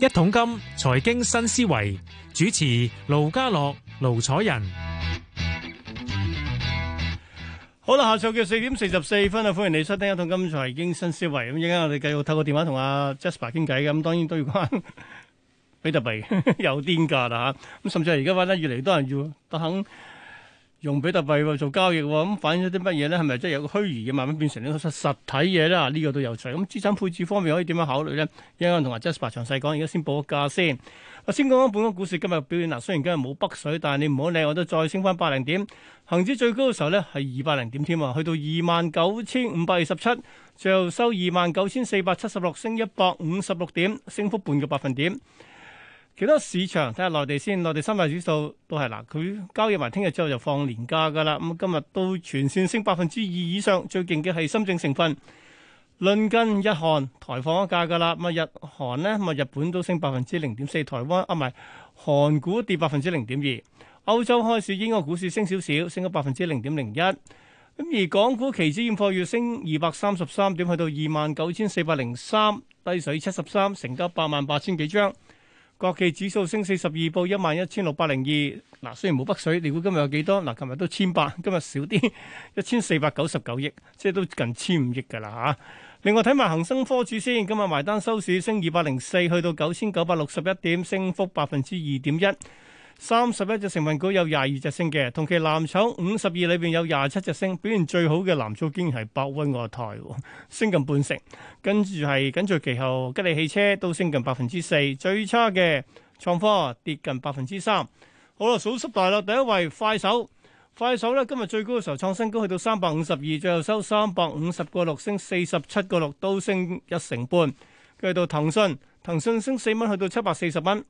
一桶金財經新思維主持盧家樂、盧楚仁，好啦，下晝嘅四點四十四分啊，歡迎你收聽一桶金財經新思維。咁依家我哋繼續透過電話同阿 Jasper 傾偈，咁當然都要關 比特幣席 有癲㗎啦吓，咁甚至係而家玩得越嚟越多人要都肯。用比特幣做交易喎，咁、嗯、反映咗啲乜嘢咧？係咪真係有個虛擬嘅慢慢變成啲實實體嘢咧？呢、這個都有趣。咁、嗯、資產配置方面可以點樣考慮咧？一陣同阿 Jasper 詳細講，而家先報個價先。我先講翻本港股市今日表現。嗱，雖然今日冇北水，但係你唔好理，我都再升翻百零點。恆指最高嘅時候咧係二百零點添啊，去到二萬九千五百二十七，最後收二萬九千四百七十六，升一百五十六點，升幅半個百分點。其他市場睇下內地先，內地三大指數都係嗱，佢交易埋聽日之後就放年假噶啦。咁今日到全線升百分之二以上，最勁嘅係深證成分。鄰近日韓台放咗假噶啦，咁日韓呢，日本都升百分之零點四，台灣啊唔係韓股跌百分之零點二。歐洲開市英國股市升少少，升咗百分之零點零一。咁而港股期指現貨月升二百三十三點，去到二萬九千四百零三，低水七十三，成交八萬八千幾張。國企指數升四十二，報一萬一千六百零二。嗱，雖然冇北水，你估今日有幾多？嗱，琴日都千八，今日少啲，一千四百九十九億，即係都近千五億噶啦吓。另外睇埋恒生科指先，今日埋單收市升二百零四，去到九千九百六十一點，升幅百分之二點一。三十一隻成分股有廿二隻升嘅，同期藍籌五十二裏邊有廿七隻升，表現最好嘅藍籌竟然係百威亞太，升近半成。跟住係緊隨其後吉利汽車都升近百分之四，最差嘅創科跌近百分之三。好啦，數十大啦，第一位快手，快手咧今日最高嘅時候創新高去到三百五十二，最後收三百五十個六，升四十七個六，都升一成半。跟住到騰訊，騰訊升四蚊去到七百四十蚊。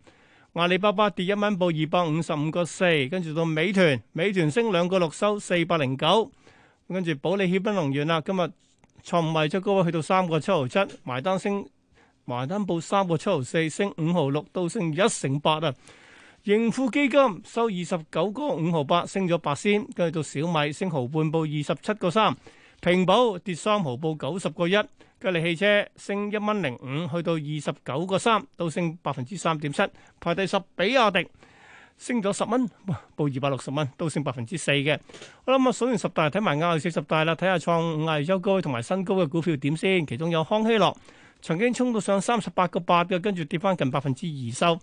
阿里巴巴跌一蚊，報二百五十五個四。跟住到美團，美團升兩個六，收四百零九。跟住保利協鑫能源啦，今日創賣出高位，去到三個七毫七，埋單升，埋單報三個七毫四，升五毫六，到升一成八啊。盈富基金收二十九個五毫八，升咗八仙。跟住到小米，升毫半，報二十七個三。平保跌三毫，報九十個一。吉利汽車升一蚊零五，去到二十九個三，都升百分之三點七，排第十比亞。比亞迪升咗十蚊，報二百六十蚊，都升百分之四嘅。我諗啊，數完十大，睇埋廿四十大啦，睇下創五廿周高同埋新高嘅股票點先。其中有康希諾曾經衝到上三十八個八嘅，跟住跌翻近百分之二收。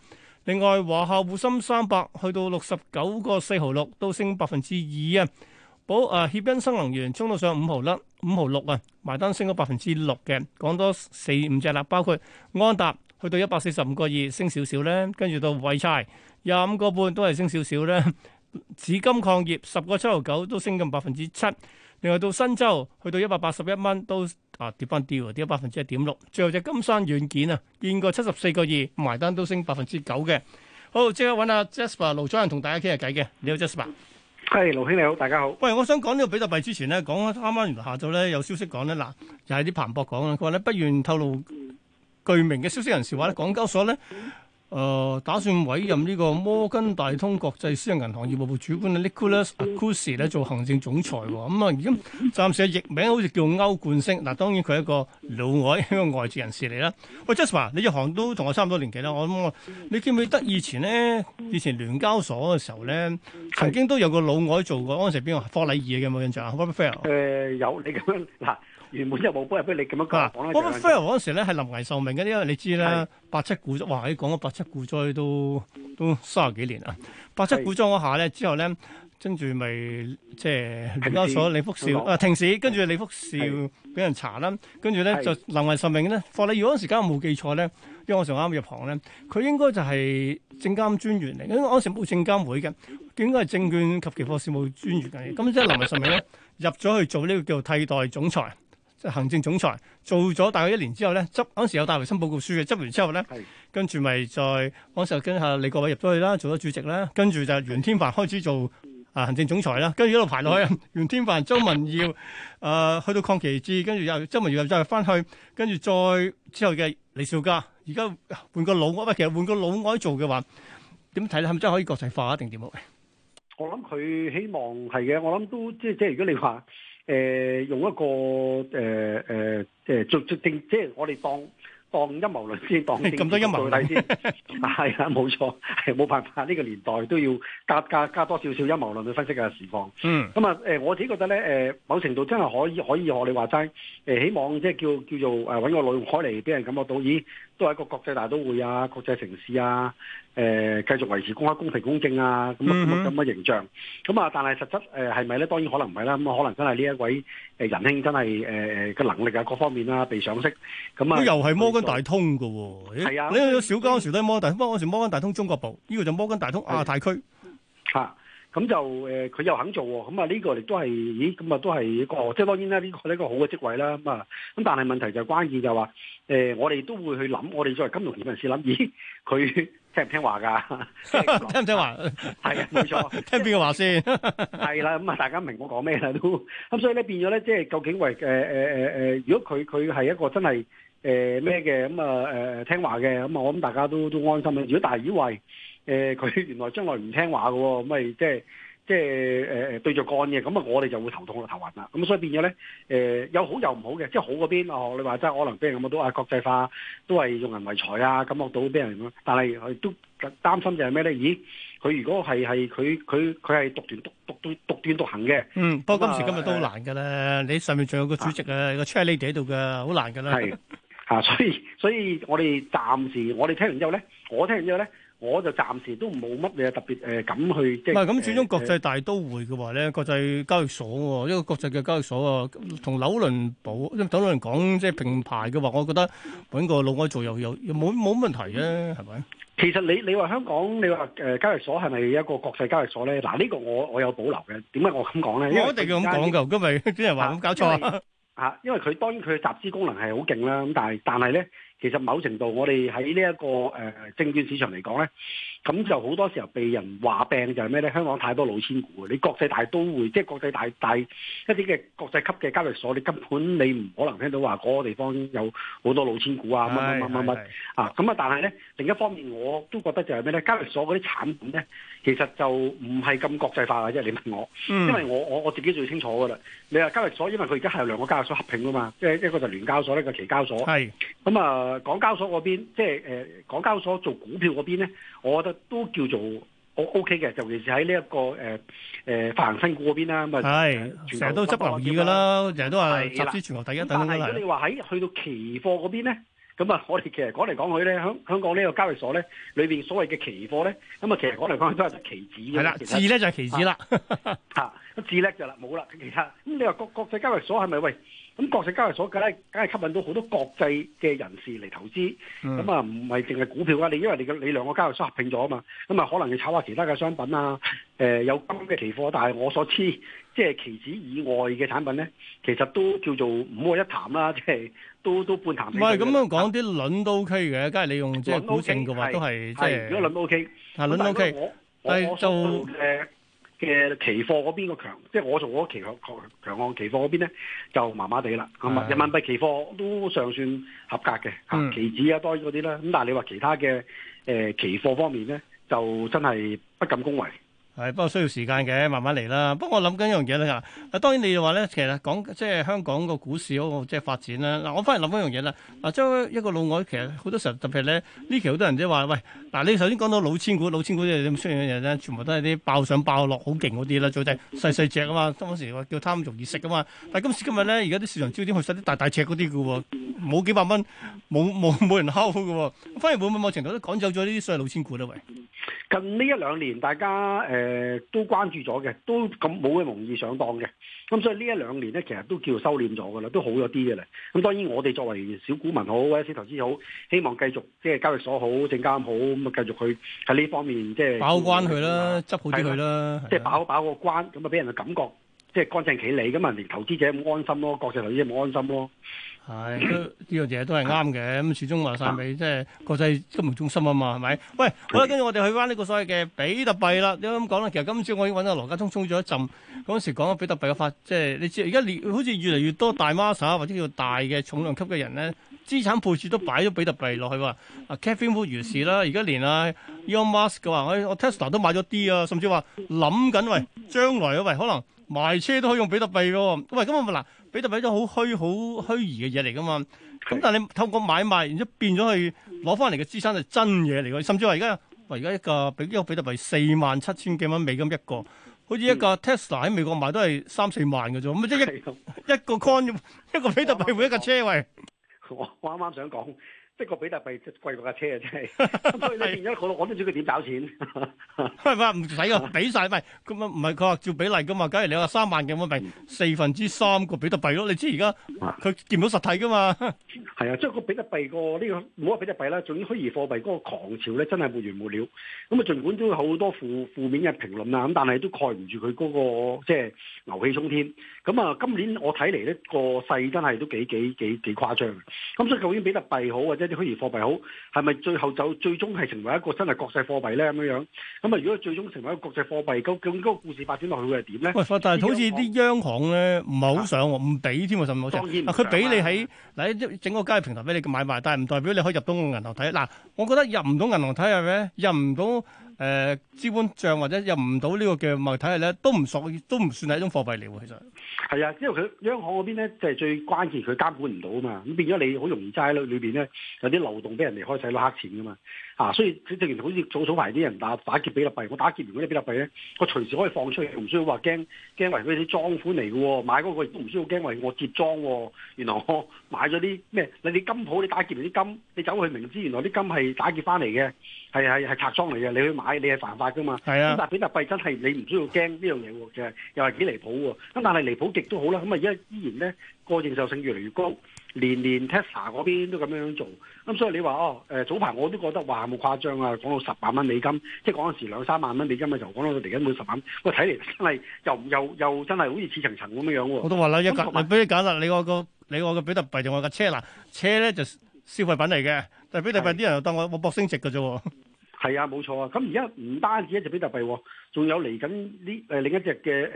另外，華夏滬深三百去到六十九個四毫六，都升百分之二啊。保啊！協恩新能源衝到上五毫粒，五毫六啊！埋單升咗百分之六嘅，講多四五隻啦。包括安達去到一百四十五個二，升少少咧。跟住到濰柴廿五個半都係升少少咧。紫金礦業十個七毫九都升近百分之七。另外到新洲去到一百八十一蚊，都啊跌翻啲，跌咗百分之一點六。最後隻金山軟件啊，見過七十四個二，埋單都升百分之九嘅。好，即刻搵阿 Jasper 盧楚仁同大家傾下偈嘅。你好，Jasper。係，盧兄你好，大家好。喂，我想講呢個比特幣之前呢，講啱啱原來下晝呢，有消息講呢。嗱又係啲彭博講啦，佢話呢，不願透露具名嘅消息人士話呢，港交所呢。誒、呃、打算委任呢個摩根大通國際私人銀行業務部主管 Nicholas Acuus 咧做行政總裁喎，咁、哦、啊，而家暫時嘅譯名好似叫歐冠星，嗱、呃、當然佢係一個老外一個外籍人士嚟啦。喂，Jasper，你入行都同我差唔多年紀啦，我諗我你記唔記得以前咧，以前聯交所嘅時候咧，曾經都有個老外做過，嗰陣時邊個？霍禮義嘅有冇印象啊？Robert Fair？誒有，你咁樣嗱。原本即係黃光輝，你咁樣講啦。黃光輝嗰陣時咧係臨危受命嘅，因為你知啦，八七股災，哇！你講咗八七股災都都卅幾年啦。八七股災嗰下咧，之後咧，跟住咪即係聯交所李福兆啊停市，跟住李福兆俾人查啦，跟住咧就臨危受命咧。霍禮耀嗰陣時，假如我冇記錯咧，因為我啱啱入行咧，佢應該就係證監專員嚟嘅。因為嗰陣時冇證監會嘅，應該係證券及期貨事務專員嚟。咁即係臨危受命咧，入咗去做呢個叫做替代總裁。行政總裁做咗大概一年之後咧，執嗰陣時有戴維森報告書嘅，執完之後咧，跟住咪再嗰陣時跟下李國偉入咗去啦，做咗主席啦，跟住就袁天凡開始做啊行政總裁啦，跟住一路排落去啊，嗯、袁天凡、周文耀啊、呃，去到鄺其志，跟住又周文耀又再翻去，跟住再之後嘅李小加，而家換個老外，其實換個老外做嘅話，點睇咧？係咪真係可以國際化啊？定點好？我諗佢希望係嘅，我諗都即即，即，即，即，如果你話。誒，用一個誒誒誒，做做即係我哋當當陰謀論先，當咁多陰謀論睇先，係啊，冇錯，係冇辦法，呢個年代都要加加加多少少陰謀論去分析嘅時況。嗯，咁啊，誒，我自己覺得咧，誒，某程度真係可以可以學你話齋，誒，希望即係叫叫做誒搵個內容開嚟，俾人感覺到，咦？都係一個國際大都會啊，國際城市啊，誒、呃，繼續維持公開、公平、公正啊，咁啊咁嘅形象，咁啊，但係實質誒係咪咧？當然可能唔係啦，咁啊，可能真係呢一位誒仁兄真係誒誒嘅能力啊各方面啦、啊、被賞識，咁啊、就是，佢又係摩根大通噶喎，係啊，欸、啊你去咗小交嗰時都係摩根大，摩嗰時摩根大通，根大通中國部，呢、這個就摩根大通亞太區，吓、啊。咁就誒，佢又肯做喎，咁啊呢個亦都係，咦，咁啊都係一個，即係當然啦，呢個係一個好嘅職位啦，咁啊，咁但係問題就係關鍵就係話，誒，我哋都會去諗，我哋作為金融人士諗，咦，佢聽唔聽話㗎？聽唔聽話？係啊，冇錯，聽邊個話先？係啦，咁啊，大家明我講咩啦都，咁所以咧變咗咧，即係究竟為誒誒誒誒，如果佢佢係一個真係誒咩嘅，咁啊誒聽話嘅，咁啊我諗大家都都安心啦。如果大係以為，誒佢、呃、原來將來唔聽話嘅，咁咪即係即係誒誒對着幹嘅，咁啊我哋就會頭痛啦、頭暈啦，咁所以變咗咧誒有好有唔好嘅，即係好嗰邊啊！你話真係可能俾人咁都啊國際化都係用人為財啊，咁學到俾人咁，但係佢都擔心就係咩咧？咦，佢如果係係佢佢佢係獨斷獨獨斷獨斷獨行嘅，嗯，不過、呃嗯嗯嗯、今時今日都好難嘅啦。你上面仲有個主席啊，個 challenge 喺度嘅，好難嘅啦，係 嚇、 嗯。所以所以,所以我哋暫時我哋聽完之後咧，我聽完之後咧。嗯 我就暫時都冇乜嘢特別誒，咁去即係。唔係咁，始終國際大都會嘅話咧，國際交易所一個國際嘅交易所啊，同紐倫港因為紐倫港，即係並排嘅話，我覺得揾個老外做又有又冇冇問題嘅，係咪？其實你你話香港，你話誒交易所係咪一個國際交易所咧？嗱，呢個我我有保留嘅。點解我咁講咧？我一定要咁講究，今日啲人話咁搞錯啊？嚇！因為佢當然佢集資功能係好勁啦，咁但係但係咧。其實某程度我哋喺呢一個誒、呃、證券市場嚟講咧，咁就好多時候被人話病就係咩咧？香港太多老千股。你國際大都會，即係國際大大一啲嘅國際級嘅交易所，你根本你唔可能聽到話嗰個地方有好多老千股啊！乜乜乜乜乜啊！咁啊，但係咧另一方面，我都覺得就係咩咧？交易所嗰啲產品咧，其實就唔係咁國際化啊！即係你問我，因為我我我自己最清楚㗎啦。你話交易所，因為佢而家係兩個交易所合併㗎嘛，即係一個就聯交所咧，一個期交所，咁啊是。嗯。港交所嗰邊，即係誒、呃，港交所做股票嗰邊咧，我覺得都叫做 O K 嘅，尤其是喺呢一個誒誒、呃、發行新股嗰邊啦。係，成日都執留意噶啦，成日都話集資全球第一等啦。如果你話喺去到期貨嗰邊咧，咁啊，我哋其實講嚟講去咧，香香港呢個交易所咧，裏邊所謂嘅期貨咧，咁啊，其實講嚟講去都係期指嘅。係啦，字咧就係期指啦，吓、啊，咁字叻就啦，冇啦，其他。咁你話國國際交易所係咪喂？咁國際交易所梗係梗係吸引到好多國際嘅人士嚟投資，咁啊唔係淨係股票啊，你因為你個你兩個交易所合併咗啊嘛，咁啊可能你炒下其他嘅商品啊，誒、呃、有金嘅期貨，但係我所知，即係期指以外嘅產品咧，其實都叫做五個一談啦，即係都都半談。唔係咁樣講，啲輪都 OK 嘅，梗係你用即係股證嘅話都係即係。如果輪 OK，啊輪 OK，但係就。嘅期貨嗰邊個強，即係我做嗰期強強項期貨嗰邊咧就麻麻地啦，咁人民幣期貨都尚算合格嘅，嚇的期指啊多咗啲啦，咁但係你話其他嘅誒、呃、期貨方面咧就真係不敢恭維。係，不過需要時間嘅，慢慢嚟啦。不過我諗緊一樣嘢咧，啊，當然你又話咧，其實講即係香港個股市嗰個即係發展啦。嗱，我反而諗一樣嘢啦。嗱，即一個老外，其實好多時候特別咧，呢期好多人即係話喂，嗱，你首先講到老千股，老千股即係點樣樣嘢咧？全部都係啲爆上爆落好勁嗰啲啦，最就係細細隻啊嘛，嗰時話叫貪容易食啊嘛。但係今時今日咧，而家啲市場焦點去曬啲大大隻嗰啲嘅喎，冇幾百蚊，冇冇冇人睺嘅喎，反而每每某程度都趕走咗呢啲所謂老千股啦，喂。近呢一兩年，大家誒、呃、都關注咗嘅，都咁冇咁容易上當嘅。咁、嗯、所以呢一兩年咧，其實都叫收斂咗噶啦，都好咗啲嘅咧。咁、嗯、當然我哋作為小股民好，或者小投資好，希望繼續即係交易所好，證監好，咁啊繼續去喺呢方面即係把關佢啦，執好啲佢啦，即係把把個關，咁啊俾人嘅感覺。即係乾淨企理咁嘛，連投資者咁安心咯，國際投資者咁安心咯。係呢個嘢都係啱嘅，咁始終話曬咪即係國際金融中心啊嘛，係咪？喂，好啦，跟住我哋去翻呢個所謂嘅比特幣啦。啱咁講啦，其實今朝我已經揾到羅家聰衝咗一陣。嗰時講緊比特幣嘅法，即係你知而家好似越嚟越多大孖沙或者叫大嘅重量級嘅人咧。資產配置都擺咗比特幣落去喎，啊 Kevin 傅、啊、如是啦，而家連啊 Elon Musk 嘅話，我我 Tesla 都買咗啲啊，甚至話諗緊喂，將來啊喂，可能賣車都可以用比特幣嘅喎，喂咁啊嗱，比特幣都好虛好虛擬嘅嘢嚟㗎嘛，咁但係你透過買賣，然之後變咗去攞翻嚟嘅資產係真嘢嚟㗎，甚至話而家，喂而家一個一個比特幣四萬七千幾蚊美金一個，好似一,一個 Tesla 喺美國賣都係三四萬嘅啫，咁即係一一個 Coin 一個比特幣換一架車喂。我啱啱想講，即係個比特幣貴過架車 是 啊！真係，所以你變咗我我都唔知佢點搞錢。係唔唔使啊，俾晒！唔咁啊！唔係佢話照比例噶嘛，假如你話三萬幾蚊咪，就是、四分之三個比特幣咯。你知而家佢見唔到實體噶嘛？係啊，即係個比特幣個呢個唔好話比特幣啦，仲要虛擬貨幣嗰個狂潮咧，真係無完無了。咁啊，儘管都好多負負面嘅評論啊，咁但係都蓋唔住佢嗰個即係牛氣沖天。咁啊，今年我睇嚟咧個勢真係都幾幾幾幾誇張嘅。咁，啊，所以究竟比特幣好或者啲虛擬貨幣好，係咪最後就最終係成為一個真係國際貨幣咧咁樣樣？咁啊，如果最終成為一個國際貨幣，究竟嗰個故事發展落去會係點咧？喂，但係好似啲央行咧，唔係好想唔俾添喎，甚至我成啊，佢俾你喺嗱整個交易平台俾你買賣，但係唔代表你可以入到銀行睇。嗱，啊，我覺得入唔到銀行睇係咩？入唔到。誒、呃、資本帳或者入唔到呢個嘅物體咧，都唔屬，都唔算係一種貨幣嚟喎。其實係啊，因為佢央行嗰邊咧，就係、是、最關鍵，佢監管唔到啊嘛。咁變咗你好容易齋咧，裏邊咧有啲漏洞俾人哋開曬啲黑錢㗎嘛。啊，所以佢正如好似早早排啲人打打劫比特幣，我打劫完嗰啲比特幣咧，我隨時可以放出嚟，唔需要話驚驚話嗰啲贓款嚟嘅喎。買嗰個亦都唔需要驚話我接贓喎。原來我買咗啲咩？你啲金鋪你打劫完啲金，你走去明知原來啲金係打劫翻嚟嘅。係係係拆裝嚟嘅，你去買你係犯法噶嘛？係啊！但係比特幣真係你唔需要驚呢樣嘢嘅，又係幾離譜喎。咁但係離譜極都好啦。咁啊依家依然咧個認受性越嚟越高，年年 Tesla 嗰邊都咁樣樣做。咁所以你話哦，誒早排我都覺得話冇誇張啊，講到十萬蚊美金，即係嗰陣時兩三萬蚊美金嘅時候，講到嚟緊滿十萬，不過睇嚟真係又又又真係好似似層層咁樣樣喎。我都話啦，一咪俾你揀啦，你我個你我比特幣同我架車嗱，車咧就消費品嚟嘅，但係比特幣啲人又當我冇搏升值嘅啫喎。係啊，冇錯啊！咁而家唔單止一隻比特幣，仲有嚟緊呢誒另一隻嘅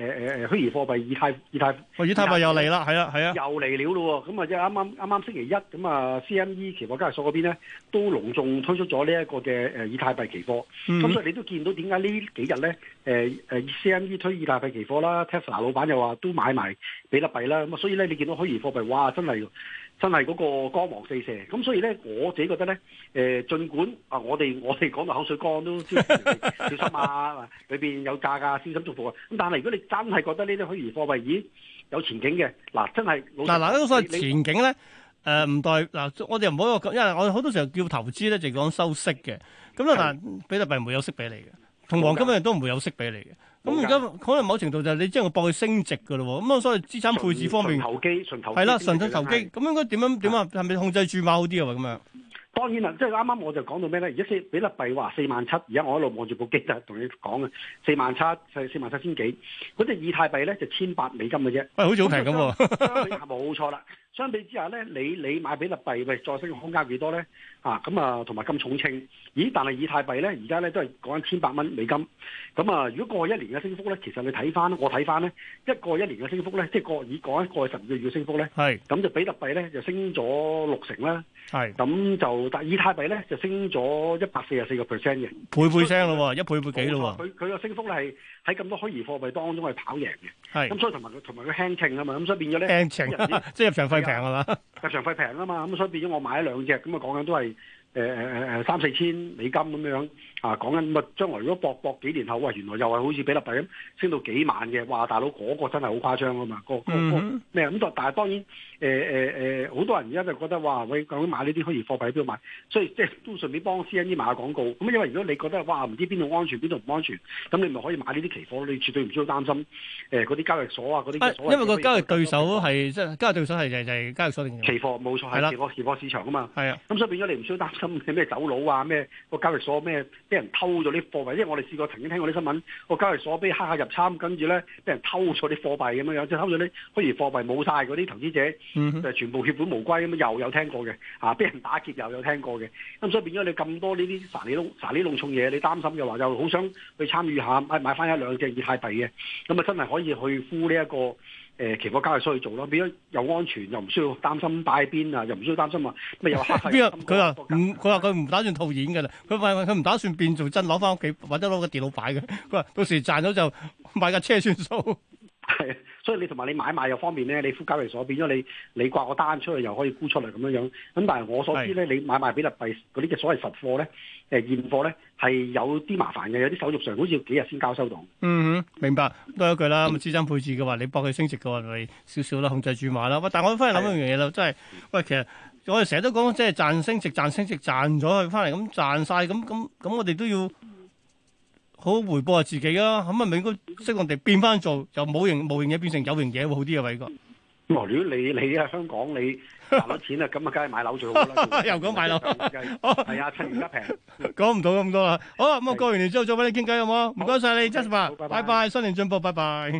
誒誒誒虛擬貨幣以太以太。以太、哦、以太幣又嚟啦，係啊係啊，又嚟了咯！咁啊即係啱啱啱啱星期一咁啊，CME 期貨交易所嗰邊咧都隆重推出咗呢一個嘅誒以太幣期貨。咁、嗯、所以你都見到點解呢幾日咧誒誒 CME 推以太幣期貨啦，Tesla 老闆又話都買埋比特幣啦。咁啊，所以咧你見到虛擬貨幣哇，真係～真係嗰個光芒四射，咁所以咧我自己覺得咧，誒，儘管啊，我哋我哋講到口水乾都小心啊，裏邊有價格小心重複啊，咁但係如果你真係覺得呢啲虛擬貨幣咦有前景嘅，嗱、啊、真係，嗱嗱，呢個所謂前景咧，誒、呃、唔代嗱、啊，我哋唔好一個，因為我哋好多時候叫投資咧就講收息嘅，咁咧但係比特幣唔會有息俾你嘅，同黃金一樣都唔會有息俾你嘅。咁而家可能某程度就係你只係搏佢升值嘅咯喎，咁啊所以資產配置方面，投機純投機，係啦純粹投機，咁的應該點樣點的啊？係咪控制住某啲啊咁樣？當然啦，即係啱啱我就講到咩咧？而家四比特幣話四萬七，而家我一路望住部機啊，同、就係、你講啊，四萬七，四四萬七千幾，嗰隻以太幣咧就千八美金嘅啫。喂、哎，好似好平咁喎，冇錯啦。相比之下咧，你你買比特幣喂再升空間幾多咧？啊咁啊，同埋咁重稱，咦？但係以太幣咧，而家咧都係講緊千八蚊美金。咁、嗯、啊，如果過去一年嘅升幅咧，其實你睇返，我睇返咧，一個一年嘅升幅咧，即係過以講一個十二個月升幅咧，係咁是就比特幣咧就升咗六成啦。係咁是就但以太幣咧就升咗一百四十四個 percent 嘅，倍倍聲啦喎，以一倍倍，倍幾啦喎、啊。佢佢個升幅咧係。喺咁多虛擬貨幣當中係跑贏嘅，係咁是、嗯、所以同埋同埋佢輕秤啊嘛，咁所以變咗咧，即係 ank 家 入場費平 啊嘛，入場費平啊嘛，咁所以變咗我買咗兩隻，咁啊講緊都係。誒誒誒誒三四千美金咁樣啊，講緊咁啊，將來如果搏搏幾年後，哇，原來又係好似比特幣咁升到幾萬嘅，哇！大佬嗰、嗰個真係好誇張啊嘛，嗰個個咩咁，嗯、但係當然誒誒誒，好、欸欸、多人而家就覺得哇，喂，究竟買呢啲虛擬貨幣喺邊度買，所以即係都順便幫私隱啲賣下廣告。咁因為如果你覺得哇，唔知邊度安全邊度唔安全，咁你咪可以買呢啲期貨，你絕對唔需要擔心誒嗰啲交易所啊啲因為個交易對手係即係交易對手係就係、是、交易所期貨冇錯係啦，了期貨市場啊嘛，係啊了，咁所以變咗你唔需要擔心。咁咩走佬啊？咩個交易所咩俾人偷咗啲貨幣？因為我哋試過曾經聽過啲新聞，個交易所俾黑客入侵，跟住咧俾人偷咗啲貨幣咁樣樣，即係偷咗啲，好似貨幣冇晒嗰啲投資者就是、全部血本無歸咁啊！又有聽過嘅，啊俾人打劫又有聽過嘅，咁、嗯、所以變咗你咁多呢啲沙哩沙哩弄銃嘢，你擔心嘅話，又好想去參與下，買買翻一兩隻以太幣嘅，咁啊真係可以去敷呢一個。誒期貨交易所去做咯，變咗又安全，又唔需要擔心擺邊啊，又唔需要擔心話咪又黑邊啊 說？佢話唔，佢話佢唔打算套現嘅啦。佢話佢唔打算變做真攞翻屋企，或者攞個電腦擺嘅。佢話到時賺咗就買架車算數。係。 所以你同埋你買賣又方便咧，你富交易所變咗你，你掛個單出去又可以沽出嚟咁樣樣。咁但係我所知咧，是你買賣比特幣嗰啲嘅所謂實貨咧，誒、呃、現貨咧係有啲麻煩嘅，有啲手續上好似要幾日先交收到。嗯哼，明白。多一句啦，咁資產配置嘅話，你搏佢升值嘅話，咪少少啦，控制住買啦。喂，但係我翻嚟諗一樣嘢啦，是真係，喂，其實我哋成日都講即係賺升值、賺升值、賺咗佢翻嚟咁賺晒。咁咁咁，我哋都要。好回報下自己啊，咁啊咪應該識我哋變翻做，由冇型冇型嘢變成有型嘢會好啲啊！偉哥，如果你你喺香港你賺到錢啊，咁啊梗係買樓最好啦，又講買樓，係啊，趁而家平，講唔到咁多啦。好咁啊，過完年之後再畀你傾偈好冇？唔該晒你，Jasper 拜拜，新年進步，拜拜。